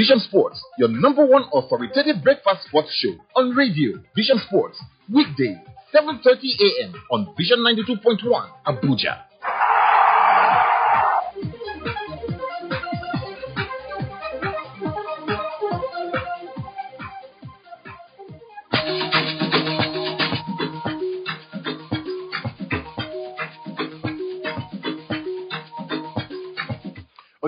Vision Sports, your number one authoritative breakfast sports show on radio. Vision Sports, weekday, 7.30 a.m. on Vision 92.1, Abuja.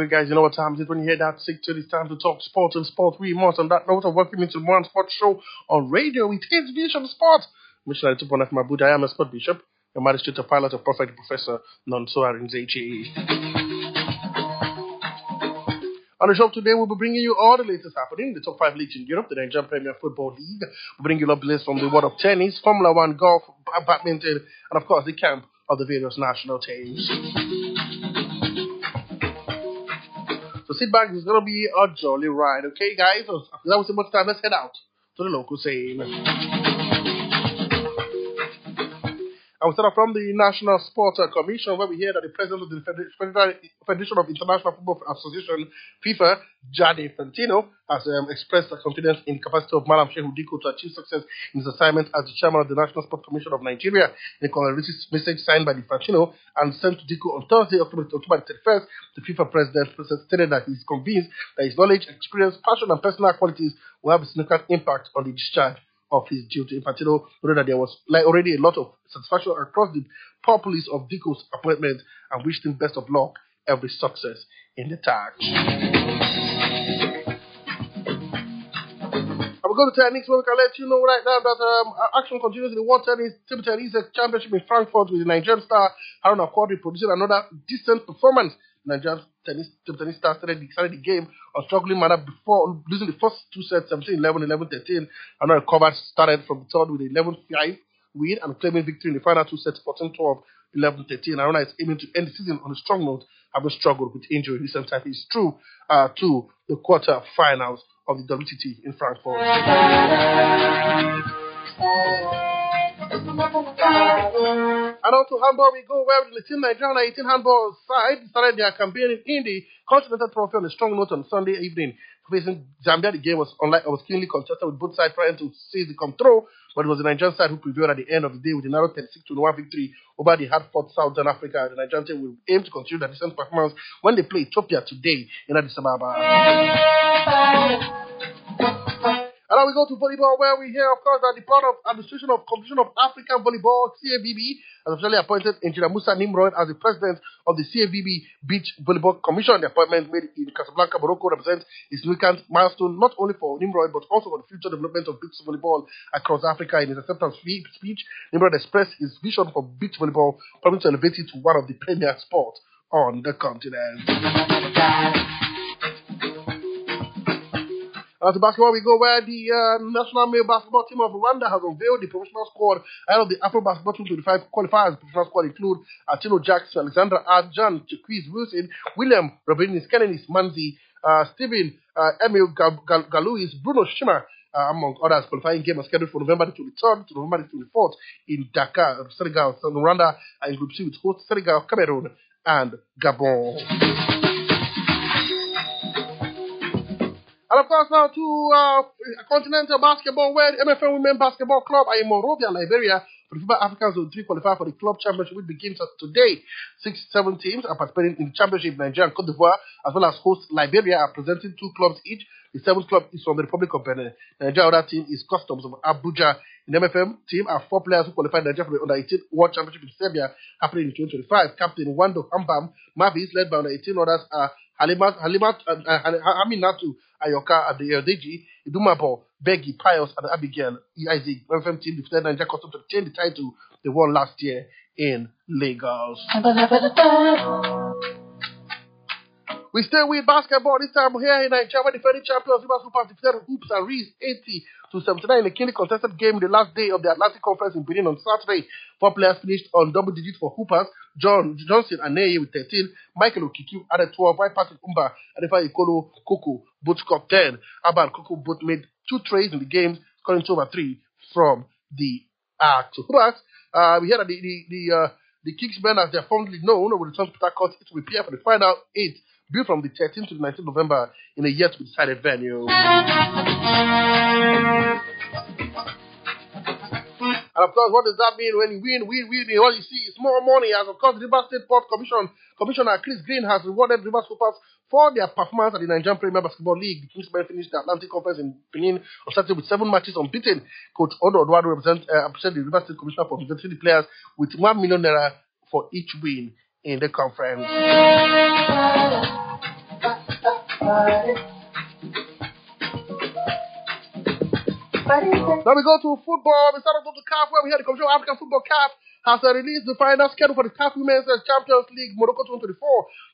you guys. You know what time it is when you hear that six it's time to talk sports and sports. We must on that note I welcome you to one sports show on radio with His Vision Sports. Missionary Tuponak Mabuda, I am a sport bishop, a magistrate, a pilot, a prophet, professor, non in HAE. On the show today, we'll be bringing you all the latest happening the top five leagues in Europe, the Nigerian Premier Football League. We'll bring you up list from the world of tennis, Formula One, golf, badminton, and of course the camp of the various national teams. sit back. It's gonna be a jolly ride. Okay, guys. Without wasting much time, let's head out to the local scene. We start from the National Sports Commission, where we hear that the president of the Federation of International Football Association, FIFA, Gianni Fantino, has um, expressed confidence in the capacity of Madam Shehu Diko to achieve success in his assignment as the chairman of the National Sports Commission of Nigeria. In a message signed by the Fantino and sent to Diko on Thursday, October, October 31st, the FIFA president stated that he is convinced that his knowledge, experience, passion, and personal qualities will have a significant impact on the discharge of his duty. Infantino know that there was like already a lot of satisfaction across the populace of Dico's appointment and wished him best of luck, every success in the tag. We go to tennis. Well, we can let you know right now that um, action continues in the World Tennis Table Tennis Championship in Frankfurt with the Nigerian star Haruna Akwadi producing another decent performance Nigeria's tennis, tennis started the, started the game on struggling manner before losing the first two sets 17 11, 11 13, and now recovered, started from the third with 11 5 win and claiming victory in the final two sets 14 12, 11 13. Aruna is aiming to end the season on a strong note, having struggled with injury recent time. It's true uh, to the quarter finals of the WTT in Frankfurt. And also, handball we go, where the team Nigerian 18 handball side started their campaign in the Continental Trophy on a strong note on Sunday evening. Facing Zambia, the game was unlike, was keenly contested with both sides trying to seize the control, but it was the Nigerian side who prevailed at the end of the day with a narrow 36 1 victory over the hard fought Southern Africa. The Nigerian team will aim to continue their decent performance when they play Ethiopia today in Addis Ababa. And now we go to volleyball, where we hear, of course, that the Board of Administration of Commission of African Volleyball, CAVB, has officially appointed Engineer Musa Nimrod as the president of the CAVB Beach Volleyball Commission. The appointment made in Casablanca, Morocco, represents a significant milestone not only for Nimrod but also for the future development of beach volleyball across Africa. In his acceptance speech, Nimrod expressed his vision for beach volleyball, promising to elevate it to one of the premier sports on the continent. As uh, to basketball, we go where the uh, national male basketball team of Rwanda has unveiled the professional squad out of the Afro Basketball 2025 qualifiers. The professional squad include Atino Jackson, Alexandra Arjan, Chiquiz Wilson, William Robinis, Kennedy Manzi, uh, Stephen uh, Emil Gal- Gal- Bruno Schimmer, uh, among others. Qualifying game scheduled for November the 23rd to November the 24th in Dakar, Senegal. Rwanda and in Group C with host Senegal, Cameroon, and Gabon. And of course, now to uh, Continental Basketball, where MFN Women Basketball Club are in Monrovia, Liberia. For the FIBA Africans will 3 qualify for the club championship, which begins today. Six, seven teams are participating in the championship. Nigeria and Cote d'Ivoire, as well as host Liberia, are presenting two clubs each. The seventh club is from the Republic of Benin. Nigeria other team is Customs of Abuja. In the MFM team are four players who qualified Nigeria for the Under 18 World Championship in Serbia, happening in 2025. Captain Wando Hambam Mavis, led by Under 18 others, are Halimat, Halimat, uh, uh, Aminatu, Ayoka, and the Eldeji, Idumabo, Beggy, Pius, and Abigail, Isaac, FM team defended Nigeria Custom to obtain the title they won last year in Lagos. We still win basketball this time here in Nigeria defending champions Rivers Super defeated Hoops and Reese 80 to 79 in a keenly contested game the last day of the Atlantic Conference in Benin on Saturday. Four players finished on double digits for Hoopers, John Johnson and Neye with 13, Michael Okiki added 12, while Patrick Umba and Ifa Ikolo Koko both scored 10. Abba and Koko both made two trades in the game, scoring two over three from the arc. So uh, we heard that the, the, the uh, The Kingsmen, as they're fondly known, will return to Peter Court to prepare for the final eight, built from the 13th to the 19th November in a yet to be decided venue. And of course, what does that mean when you win, win, win, win? All you see is more money. And of course, River State Port Commission Commissioner Chris Green has rewarded River Scoopers for their performance at the Nigerian Premier Basketball League. The Kingsmen finished the Atlantic Conference in Benin on Saturday with seven matches unbeaten. Coach Odo Odwado represents uh, represent the River State Commissioner for representing the players with one million naira for each win in the conference. Now we go to football. We start off with the CAF where we had the control. of African Football CAF has released the final schedule for the CAF Women's Champions League Morocco 2024.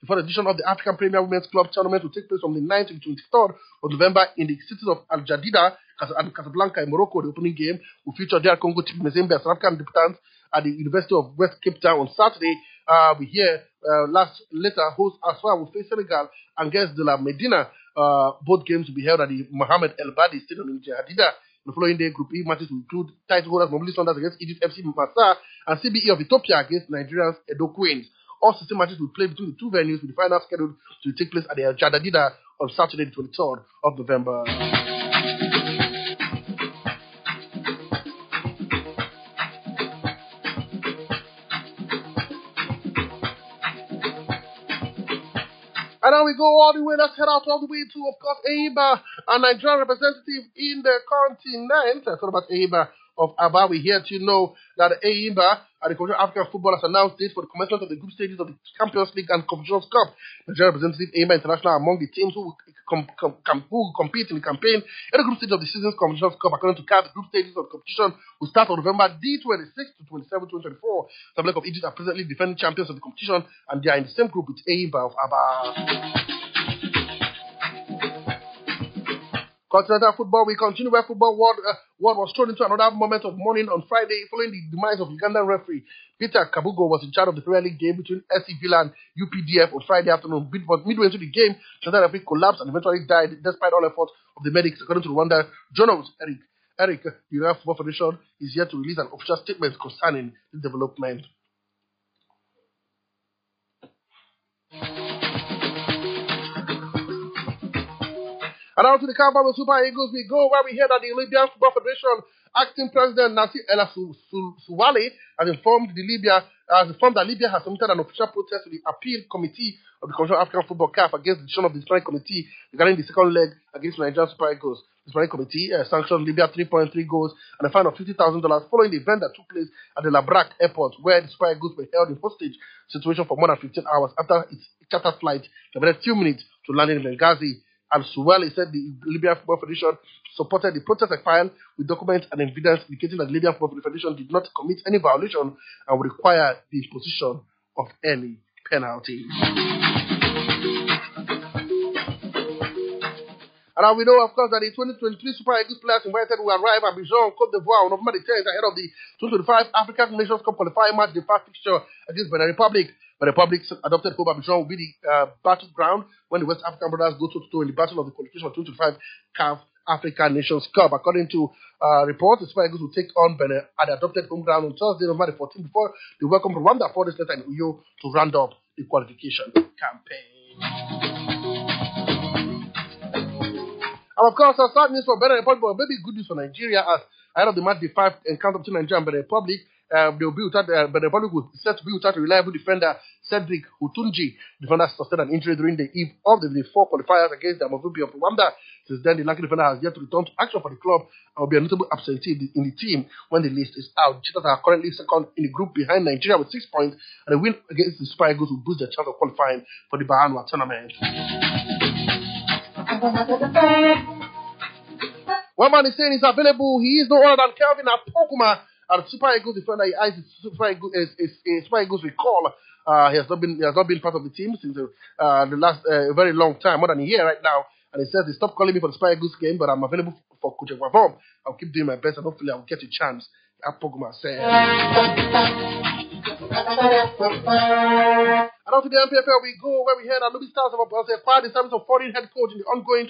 The first edition of the African Premier Women's Club tournament will take place from the 9th to the 23rd of November in the cities of Al Jadida and Casablanca in Morocco. The opening game will feature their Congo team Mazembe as African debutants at the University of West Cape Town on Saturday. Uh, we hear uh, last later hosts as well will face Senegal against De La Medina. Uh, both games will be held at the Mohamed El Badi Stadium in Jadida. The following day, Group E matches include title holders Mobile Saunders against Egypt FC Mufasa and CBE of Ethiopia against Nigerians Edo Queens. All 16 matches will play between the two venues with the final scheduled to take place at the Al Jadadida on Saturday, the 23rd of November. we go all the way, let's head out all the way to, of course, AIBA, a Nigerian representative in the continent. I eh, thought about AIBA of ABBA. We here to know that AIMBA and the Commission of African Football has announced dates for the commencement of the group stages of the Champions League and Confederations Cup. Nigeria representative AIMBA International among the teams who will, com, com, who will compete in the campaign in the group stage of the season's Confederations Cup. According to CAF, the group stages of the competition will start on November D26 to 27, 2024. Republic of Egypt are presently defending champions of the competition and they are in the same group with AIMBA of ABBA. Continental football, we continue where football world, uh, world was thrown into another moment of mourning on Friday following the demise of Ugandan referee Peter Kabugo was in charge of the Premier League game between SC Villa and UPDF on Friday afternoon. But midway through the game, Ugandan referee collapsed and eventually died despite all efforts of the medics, according to Rwanda journalist Eric. Eric, uh, the United Football Federation, is yet to release an official statement concerning the development. And to the the Super Eagles, we go where we hear that the Libyan Football Federation acting president Nasir El Suwali has informed the Libya has informed that Libya has submitted an official protest to the appeal committee of the Commission of African Football CAF against the decision of the Disciplinary Committee regarding the second leg against Nigerian Super Eagles. The Disciplinary Committee uh, sanctioned Libya 3.3 goals and a fine of $50,000 following the event that took place at the Labrak airport where the Super Eagles were held in hostage situation for more than 15 hours after its charter flight, about two minutes to land in Benghazi and suwaili He said the Libyan Football Federation supported the protest file with documents and evidence indicating that the Libyan Football Federation did not commit any violation and would require the imposition of any penalty. And now we know, of course, that the 2023 Super Eagles players invited will arrive at Abidjan, Cote d'Ivoire on November the 10th ahead of the 2025 African Nations Cup qualifying match, the first fixture against Benin Republic when republics adopted home Abidjan will be the uh, battleground when the West African brothers go to toe in the battle of the qualification of 2025 CAF Africa Nations Cup. According to uh, reports, the Super Eagles will take on Benin at adopted home ground on Thursday, November the 14th, before they welcome Rwanda for days letter in Uyo to round up the qualification campaign. And of course, uh, sad news for Benin Republic, but maybe good news for Nigeria as ahead of the match, the five encounter between Nigeria and Benin Republic. Um, they'll be without, uh, but the Republic will set to be without a reliable defender, Cedric Utunji. defender sustained an injury during the eve of the four qualifiers against the Amavubi of Rwanda. Since then, the lucky defender has yet to return to action for the club and will be a notable absentee in the, team when the list is out. Cheetahs are currently second in the group behind Nigeria with six points, and a win against the Super Eagles will boost their chance of qualifying for the Bahanwa tournament. One man is saying he's available. He is no other than Kelvin Apokuma. And Super Eagles defender I Super Eagles, is, is, is Super Eagles recall uh, he has not been he has not been part of the team since uh, the last uh, very long time, more than a year right now. And he says he stopped calling me for the Super Eagles game, but I'm available for Coach Equavom. I'll keep doing my best, and hopefully I'll get a chance. Apogma said. And after the MPFL, we go where we had that Luby Stars have acquired the service of foreign head coach in the ongoing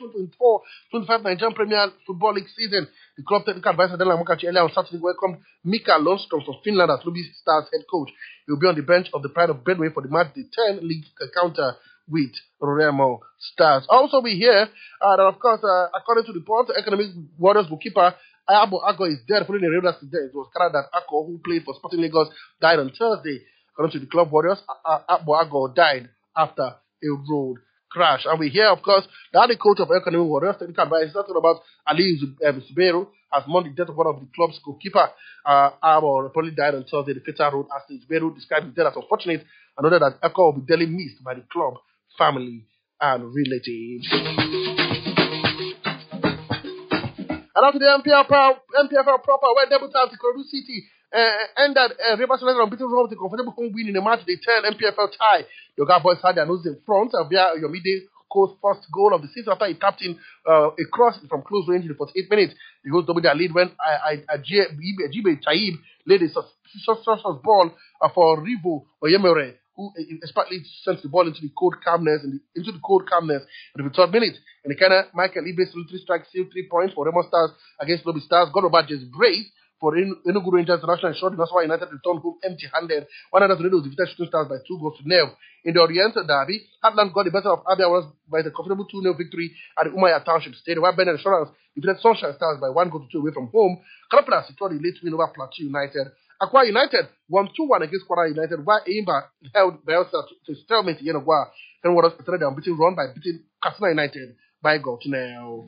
2024-25 Nigerian Premier Football League season. The club technical advisor Dela Mukachi earlier on Saturday welcomed Mika Lundstrom from Finland as Luby Stars head coach. He will be on the bench of the Pride of Bedway for the match the 10 league encounter with Roremo Stars. Also, we hear uh, that, of course, uh, according to reports, Economic Warriors bookkeeper Ayabo Ago is dead following a road accident. It was carried that Ako, who played for Sporting Lagos, died on Thursday. According to the Club Warriors, uh, uh, Akbo Ago died after a road crash. And we hear, of course, that the coach of Economic Warriors, technical advisor, talking about Ali Zubero, eh, has mourned the death of one of the club's goalkeeper. Uh, Arbor reportedly died on Thursday. The fatal road accident. Zubero described his death as unfortunate and noted that Echo will be dearly missed by the club, family, and relatives. and after the MPFL, MPFL proper, where debutants Ikorodu City uh, and that uh, Rivers United and beating Rovers a comfortable home win in a match they turn MPFL tie. Yoga Boys had their nose in front via Yomide Co's first goal of the season after he tapped in uh, a cross from close range in the first eight minutes. The goals doubled their lead when Ajibe uh, Taib laid a suspicious ball uh, for Rivo Oyemere, who uh, expertly sent the ball into the cold calmness in the, into the cold calmness in the third minute, And the kind of Michael Ibe three strikes, still three points for Remo Stars against Lobby Stars. God Obaje's brace for Enugu Enuguru International and short Nassau United returned home empty-handed. One another to defeated Shooting Stars by two goals to nil. In the Oriental Derby, Heartland got the better of Abia Warriors by the comfortable 2 0 victory at the Umaya Township Stadium, while Ben Insurance defeated Sunshine Stars by one goal to two away from home. Kalapala secured the late win over Plateau United. Aqua United won 2-1 against Kwara United, while Aimba held Bielsa to, to stalemate Yenogwa. Then Warriors started their beating run by beating Katsina United by goal to nil.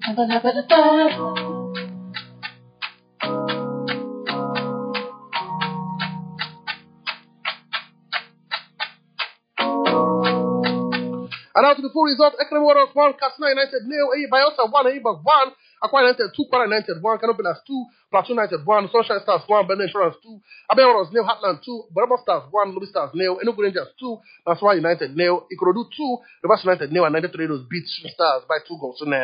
And after the full result, Ekrem Warriors 1, Cast 9, United nil, A Bielsa 1, Aiba 1, Aqua United 2, Para United 1, Canopilas 2, Plateau United 1, Sunshine Stars 1, Benin Insurance 2, Abbey Warriors nil, Heartland 2, Brabant Stars 1, Lobby Stars nil, Enugu Rangers 2, Naswa United nil, Ikorodu 2, Rivers United nil, and 93 Raiders beat Shooting Stars by 2 goals to nil.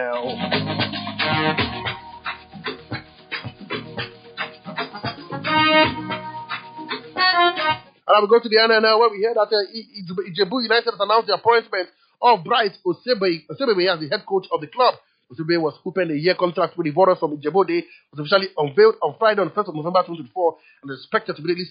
And I will go to the end now, where we hear that uh, Ijebu United has announced the appointment of Bryce Osebe as the head coach of the club. Osebe was opened a year contract with the Warriors from Djibouti, was officially unveiled on Friday on 1st of November 2024 and is expected to really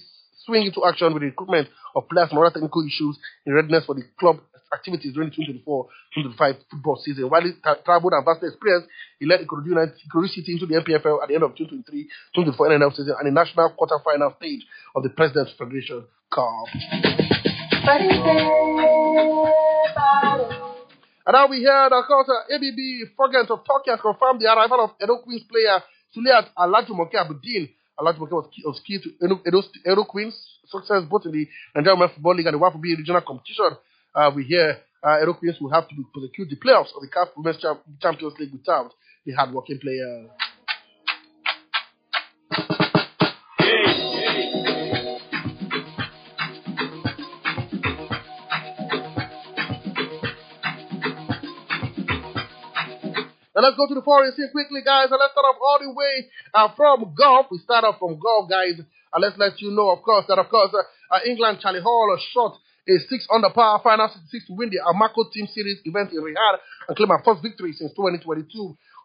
swing into action with the recruitment of players from other technical issues in readiness for the club activities during the 2024-2025 football season. While he tra- traveled and vast experience, he led Ikorodu United Ikorodu City into the MPFL at the end of 2023-2024 NNL season and the national quarter-final stage of the President's Federation Cup. And now we hear of course, uh, ABB Fogent of Turkey has confirmed the arrival of Edo Queens player Suliat Alajumoke Abudin. Alajumoke was key, was key to Edo, Edo, Edo Queens' success both in the Nigerian Women's Football League and the WAFB regional competition. Uh, we hear uh, Edo Queens will have to prosecute the playoffs of the CAF Women's Champions League without the hard-working player. Now let's go to the forest here quickly, guys, and let's start off all the way uh, from golf. We start off from golf, guys, and let's let you know, of course, that of course uh, uh England Charlie Hall shot a six under par final six to win the Amaco Team Series event in Riyadh and claim her first victory since 2022.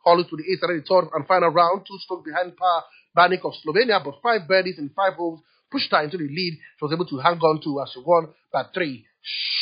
Hall to the eighth and the third and final round, two strokes behind par Banik of Slovenia, but five birdies in five holes pushed her into the lead. She was able to hang on to as uh, she won by three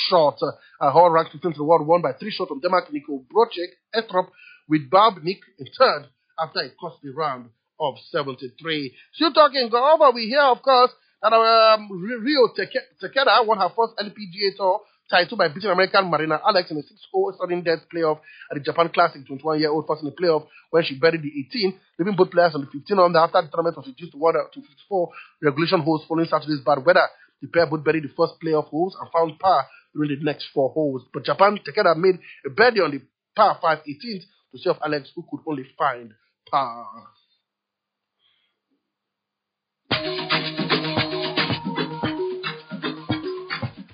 shots. Uh, Hall ranked 15th in the world, won by three shots from Denmark Nico Brocek, Estrop, with Bob Nick in third after a costly round of 73. Still talking golf, we hear, of course, that um, Rio Takeda won her first LPGA Tour title by beating American Marina Alex in a 6-0 sudden death playoff at the Japan Classic. 21-year-old 1st in the playoff when she buried the 18, leaving both players on the 15 under after the tournament was reduced to 1 to 54 regulation holes following Saturday's bad weather. The pair both buried the first playoff holes and found par during the next four holes. But Japan Takeda made a birdie on the par 5 18th to see if Alex who could only find power.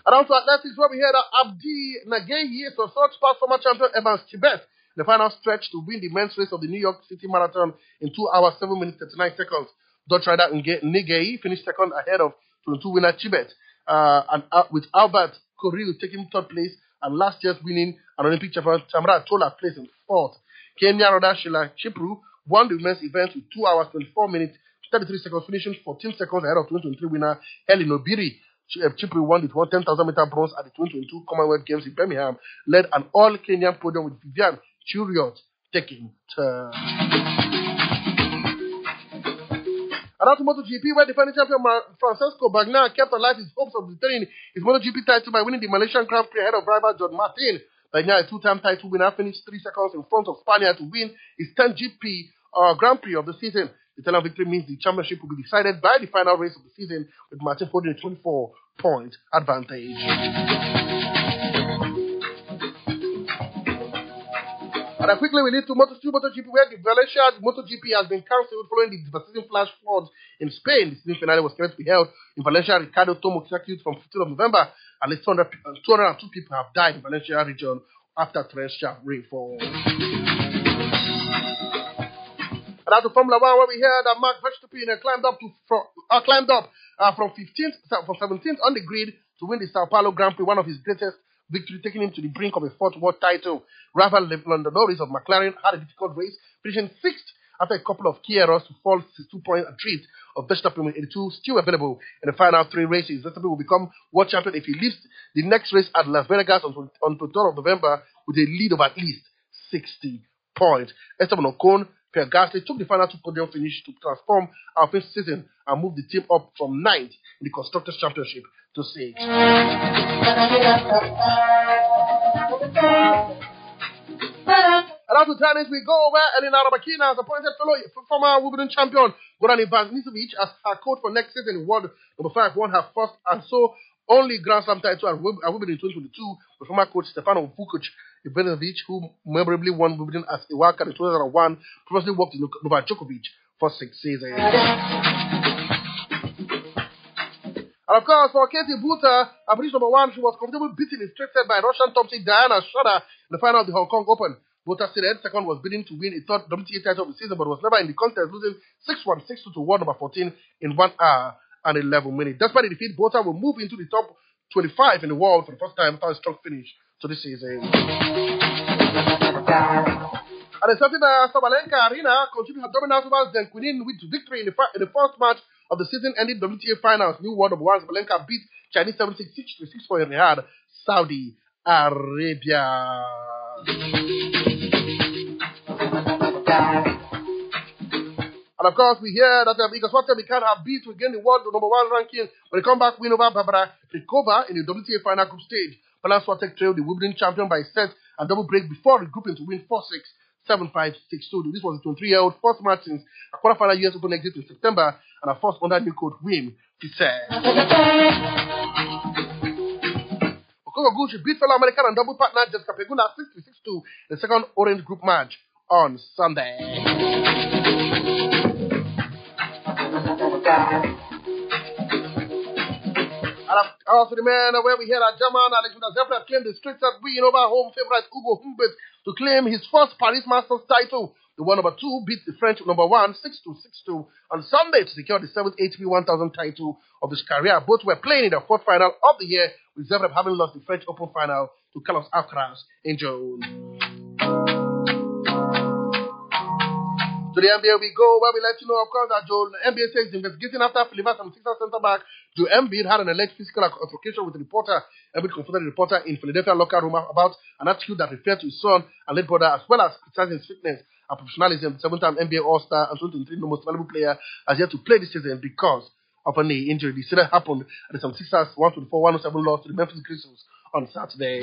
And also athletics, where we had Abdi Nagehi is a third former champion Evans Tibet. The final stretch to win the men's race of the New York City Marathon in 2 hours, 7 minutes, 39 seconds. Dutch rider Nigei finished second ahead of 22 winner Tibet, uh, and uh, with Albert Coril taking third place and last year's winning and Olympic champion Tamara Tola placed in fourth. Kenya, Rhoda, Sheila Chipru won the women's event with 2 hours, 24 minutes, 33 seconds, finishing 14 seconds ahead of 2023 winner Helen Obiri. Chipri uh, won the 10,000 meter bronze at the 2022 Commonwealth Games in Birmingham, led an all Kenyan podium with Vivian Churiot taking turn. And after MotoGP, where defending champion Francesco Bagnaia kept alive his hopes of retaining his MotoGP title by winning the Malaysian Grand Prix ahead of rival John Martin. Right now, a two-time title winner finished three seconds in front of Spaniard to win his 10th GP uh, Grand Prix of the season. The Italian victory means the championship will be decided by the final race of the season, with Martin holding a 24-point advantage. And then quickly we need to motor 2 MotoGP, where the Valencia MotoGP has been cancelled following the devastating flash floods in Spain. The season finale was scheduled to be held in Valencia. Ricardo Tomo executed from 15th of November. At least 200, 202 people have died in Valencia region after torrential rainfall. And after Formula One where we hear that Mark Verstappen climbed up to from, uh, climbed up uh, from 15th from 17th on the grid to win the Sao Paulo Grand Prix, one of his greatest victory, taking him to the brink of a fourth world title. Rival Lando Norris of McLaren had a difficult race, finishing sixth after a couple of key errors to fall to two points adrift of Verstappen with 82 still available in the final three races. Verstappen will become world champion if he leaves the next race at Las Vegas on, on 23rd of November with a lead of at least 60 points. Esteban Ocon Pierre Gasly took the final two podium finish to transform our fifth season and move the team up from ninth in the Constructors' Championship to sixth. And after to tennis we go where Elena Rabakina has appointed fellow former Wimbledon champion Goran Ivanisevic as her coach for next season. World number five won her first and so only Grand Slam title at Wimbledon in 2022 with former coach Stefano Vukic Ivanovic, who memorably won Wimbledon as a wildcard in 2001, previously worked in Novak Djokovic for six seasons. And of course, for Katie Buta, at British number one, she was comfortably beaten in straight set by Russian top seed Diana Schroeder in the final of the Hong Kong Open. Buta said end second was bidding to win a third WTA title of the season, but was never in the contest, losing 6-1, 6-2 to 1 number 14 in one hour and 11 minutes. Despite the defeat, Buta will move into the top 25 in the world for the first time after a strong finish to this season. a. And the Saturday Sabalenka Arena continued her dominance over Zenkunin with victory in the, in the first match of the season ending WTA Finals. New world number one Sabalenka beat Chinese 76 to 6 for Riyadh, Saudi Arabia. And of course, we hear that because what we can have beat to gain the world number one ranking with a comeback win over Barbara Krikova in the WTA final group stage. Balance Tech trailed the Wimbledon champion by set and double break before regrouping to win 4 6, 7 5, 6 2. This was the 23 year old first match since a quarterfinal US Open exit in September and a first under new code win, she said. Okogo Gucci beat fellow American and double partner Jessica Pegula 6-2 in the second Orange Group match on Sunday. Alafu the man where we had our German Alexander Zverev claimed the streets of we in over home favorite Hugo Humbert to claim his first Paris Masters title. The one number two beat the French number one 6 2 6 2 on Sunday to secure the seventh ATP 1000 title of his career. Both were playing in the fourth final of the year, with Zverev having lost the French Open final to Carlos Alcaraz in June. To the NBA we go, where we let you know, of course, that Joel NBA says investigating after Philippa 76 center back Joel Embiid had an alleged physical altercation with a reporter. Embiid confronted the reporter in Philadelphia locker room about an attitude that referred to his son and late brother, as well as criticizing his fitness and professionalism. Seven-time NBA All-Star and 2023 the most valuable player has yet to play this season because of a knee injury. The incident happened at the 76ers 124-107 loss to the Memphis Grizzlies on Saturday.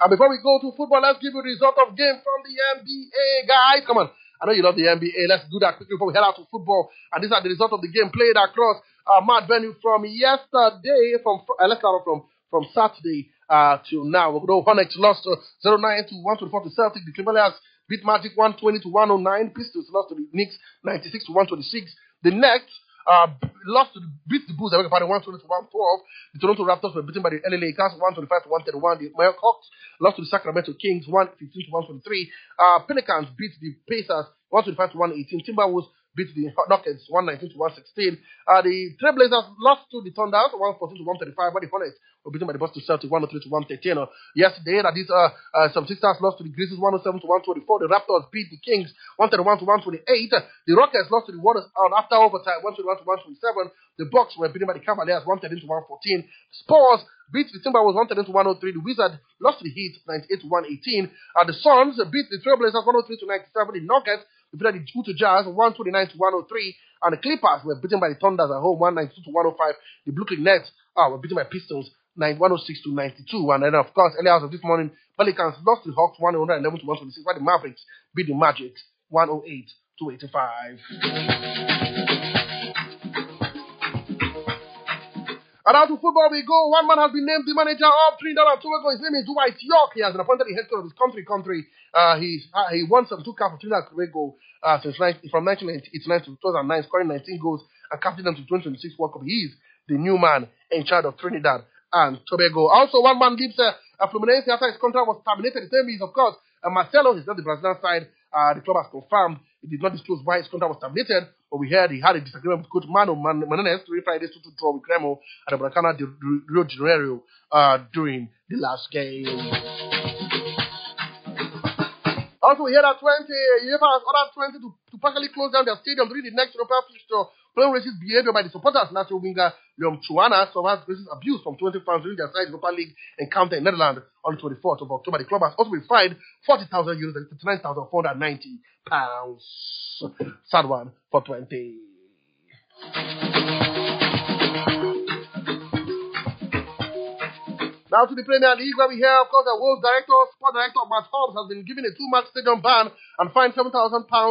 And before we go to football, let's give you the result of game from the NBA, guys. Come on. I know you love the NBA. Let's do that quickly before we head out to football. And these are the result of the game played across uh, mad Venue from yesterday, from uh, let's start from from Saturday uh, till now. Although Hornets lost to uh, 09 to 124 to Celtic, the Cavaliers beat Magic 120 to 109. Pistons lost to the Knicks 96 to 126. The next uh, lost to the, beat the Bulls. I beg your pardon, 120 to 112. The Toronto Raptors were beaten by the LA Lakers 125 to 131. The Miami Hawks lost to the Sacramento Kings 115 to 123. Uh, Pelicans beat the Pacers 125 to 118. Timberwolves beat the Rockets 119 to 116. Uh, the Trailblazers lost to the Thunder 114 to 135, but the Hornets were beaten by the Boston Celtics 103 to 113. Uh, yesterday, that is, uh, uh, some Sixers lost to the Grizzlies 107 to 124. The Raptors beat the Kings 131 to 128. The Rockets lost to the Warriors on after overtime 121 to 127. The Bucks were beaten by the Cavaliers 113 to 114. Spurs beat the Timberwolves 113 to 103. The Wizards lost to the Heat 98 to 118. And uh, the Suns beat the Trailblazers 103 to 97. The Nuggets he played the Utah Jazz 129 to 103, and the Clippers were beaten by the Thunders at home 192 to 105. The Brooklyn Nets uh, were beaten by Pistons 106 to 92. And then, of course, early hours of this morning, Pelicans lost to the Hawks 111 to 126, while the Mavericks beat the Magic 108 to 85. And out to football we go. One man has been named the manager of Trinidad and Tobago. His name is Dwight York. He has been appointed the head coach of his country. Country. Uh, he's, uh, he won some two caps for Trinidad and Tobago uh, since from 1989 to 2009, scoring 19 goals and captaining them to 2026 World Cup. He is the new man in charge of Trinidad and Tobago. Also, one man gives uh, a Fluminense after his contract was terminated. His name is, of course, uh, Marcelo. He's not the Brazilian side. Uh, the club has confirmed it did not disclose why his contract was terminated. But we heard he had a disagreement with Coach Mano Man- three Fridays to draw with Grêmio at the Bracana de Rio de Janeiro uh, during the last game. Also, we heard that 20, has ordered 20 to, to partially close down their stadium during the next European fixture Following racist behavior by the supporters, Lazio winger Leon Chuana survived racist abuse from 20 fans during their side's Europa League encounter in Netherlands on the 24th of October. The club has also been fined 40,000 euros and 39,490 pounds. Sad one for 20. Now to the Premier League where we hear, of course, the Wolves director, sport director Matt Hobbs has been given a two-match stadium ban and fined £7,000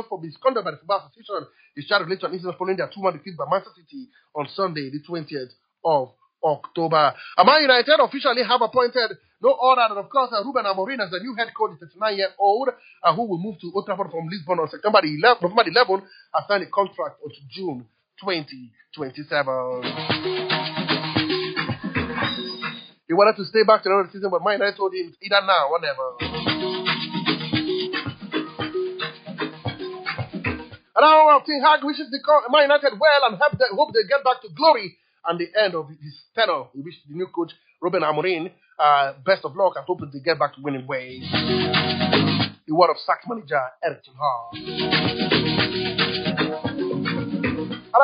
for misconduct by the Football Association. He's charged with an incident following their two-match defeat by Manchester City on Sunday, the 20th of October. Man United officially have appointed no other than, of course, uh, Ruben Amorim as the new head coach, 39-year-old, uh, who will move to Old Trafford from Lisbon on September 11th, November 11th, signed a contract until June 2027 wanted to stay back to another season, but mine, I told him, either now, whatever. And now Ten Hag wishes the Man United well and they hope they get back to glory and the end of his tenure. He wish the new coach, Robin Amorin, uh, best of luck and hope they get back to winning ways. The word of sacked manager, Eric Ten Hag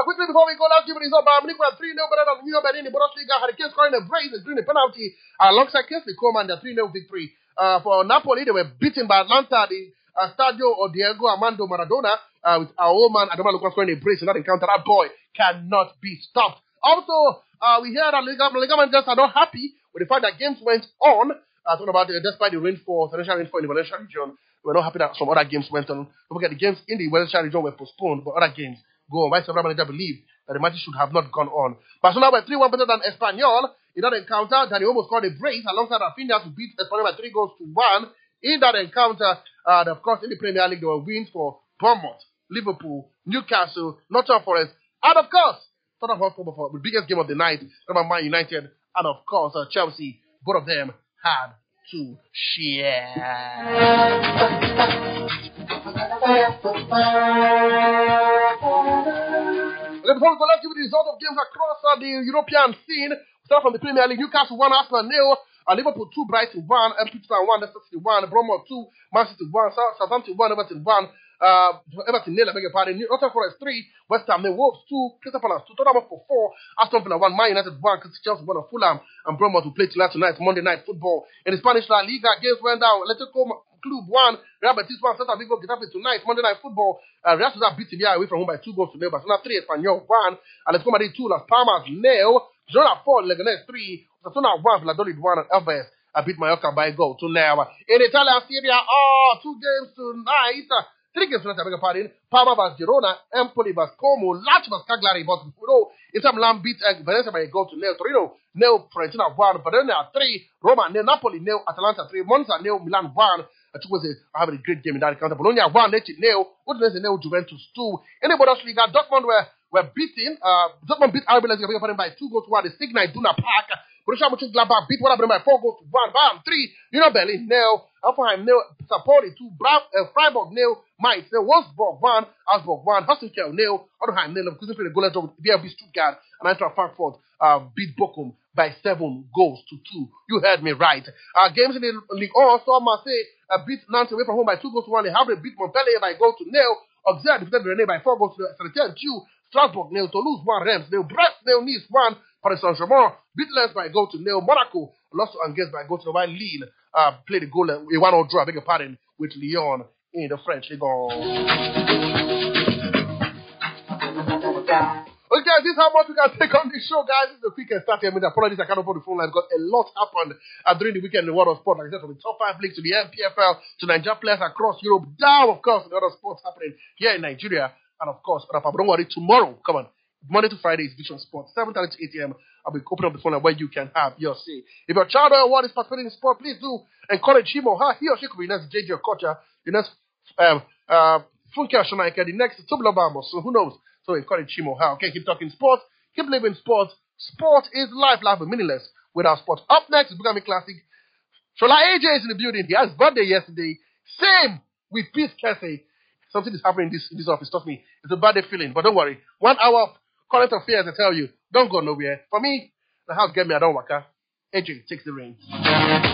quickly before we go, let's give it his I'm looking at 3 0 better than New York in the Bundesliga. Hurricanes scoring a brace, including a penalty alongside Kingsley Coleman, the 3 0 victory. Uh, for Napoli, they were beaten by Atlanta. The uh, Stadio or Diego Armando Maradona uh, with our old man Adama Lucas scoring a brace in that encounter. That boy cannot be stopped. Also, uh, we hear that Liga, Liga managers are not happy with the fact that games went on. Uh, talking about uh, despite the rainfall, torrential rainfall in the Valencia region, we're not happy that some other games went on. Don't forget the games in the Valencia region were postponed, but other games go on. Why Sabra believe that the match should have not gone on. Barcelona were 3 1 better than Espanyol in that encounter. Danny almost got a brace alongside Rafinha to beat Espanyol by 3 goals to 1 in that encounter. And of course, in the Premier League, there were wins for Bournemouth, Liverpool, Newcastle, Nottingham Forest, and of course, Tottenham Hotspur for the biggest game of the night, Man United, and of course, uh, Chelsea. Both of them had to share. The performance will give the result of games across uh, the European scene. Start from the Premier League, Newcastle 1, Arsenal nil. And uh, Liverpool 2, Brighton 1, Epsom 1, Leicester City 1, Bromwell 2, Manchester 1, Southampton 1, Everton 1, uh, Everton nil, I beg your pardon. Nottingham Forest 3, West Ham nil, Wolves 2, Crystal Palace 2, Tottenham four 4, Aston Villa 1, Man United 1, Crystal Chelsea 1, Fulham and Bromwell to play tonight, tonight, Monday night football. In the Spanish La Liga, games went down. Let's go. Club 1, Real Betis 1, Celta Vigo Getafe tonight, Monday Night Football. Uh, Real Sociedad beat Sevilla away from home by two goals to nil. Barcelona 3, Espanyol 1, Atletico Madrid 2, Las Palmas nil. Girona 4, Leganés 3, Osasuna 1, Valladolid 1, and Elves uh, beat Mallorca by a goal to nil. In Italian Serie A, oh, two games tonight. Uh, three games tonight, I beg your pardon. Parma vs Girona, Empoli vs Como, Lazio vs Cagliari, but you Inter Milan beat uh, Valencia by a goal to nil. Torino nil, Fiorentina 1, Bologna 3, Roma nil, Napoli nil, Atalanta 3, Monza nil, Milan 1. I am having a great game in that encounter. Bologna won 80 nil. Udinese nil, Juventus 2. In the Bundesliga, Dortmund were, were beaten. Uh, Dortmund beat RB Leipzig by two goals to one. The Signal Iduna Park. Borussia Mönchengladbach beat Werder Bremen four goals to one. Bayern three, Union Berlin nil, Hoffenheim nil, Sapoli two, Bra- uh, Freiburg nil, Mainz nil, Wolfsburg one, Augsburg one, Hossenskel nil, Ottenheim nil. they played a goalless draw Stuttgart and Eintracht Frankfurt uh, beat Bochum by seven goals to two. You heard me right. Uh, games in the league also Marseille uh, beat Nantes away from home by two goals to one. They have beat Montpellier by goal to nil. Auxerre defeated Rennes by four goals to saint two. Strasbourg nil, Toulouse one, Reims nil, Brest nil, Nice one, Paris Saint Germain, beat Lens by a goal to nil. Monaco lost to Angers by a goal to nil. Lille uh, played a goal, uh, a 1 0 draw, I beg your pardon, with Lyon in the French League. Okay, guys, this is how much we can take on this show, guys. This is the quickest I mean, Apologies, I can't open the phone line because a lot happened uh, during the weekend in the world of sport. Like I said, from the top five leagues to the MPFL to Nigeria players across Europe, down, of course, the other sports happening here in Nigeria. And of course, Rapper, don't worry, tomorrow, come on, Monday to Friday is Vision Sport, 7.30 to 8 a.m. I'll be opening up the phone where you can have your say. If your child or one is participating in sport, please do encourage him or her. He or she could be next JJ Kocha, the next um, uh, Funke the next Tublobam or so, who knows? So encourage him or her. Okay, keep talking sports. Keep living sports. Sport is life. Life is meaningless without sport. Up next is Bugami Classic. Shola AJ is in the building. He had his birthday yesterday. Same with Peace Cathy. Something is happening in this, in this office. Trust me. It's a birthday feeling. But don't worry. One hour Current affairs, I tell you, don't go nowhere. For me, the house get me, I don't work. Agent takes the reins.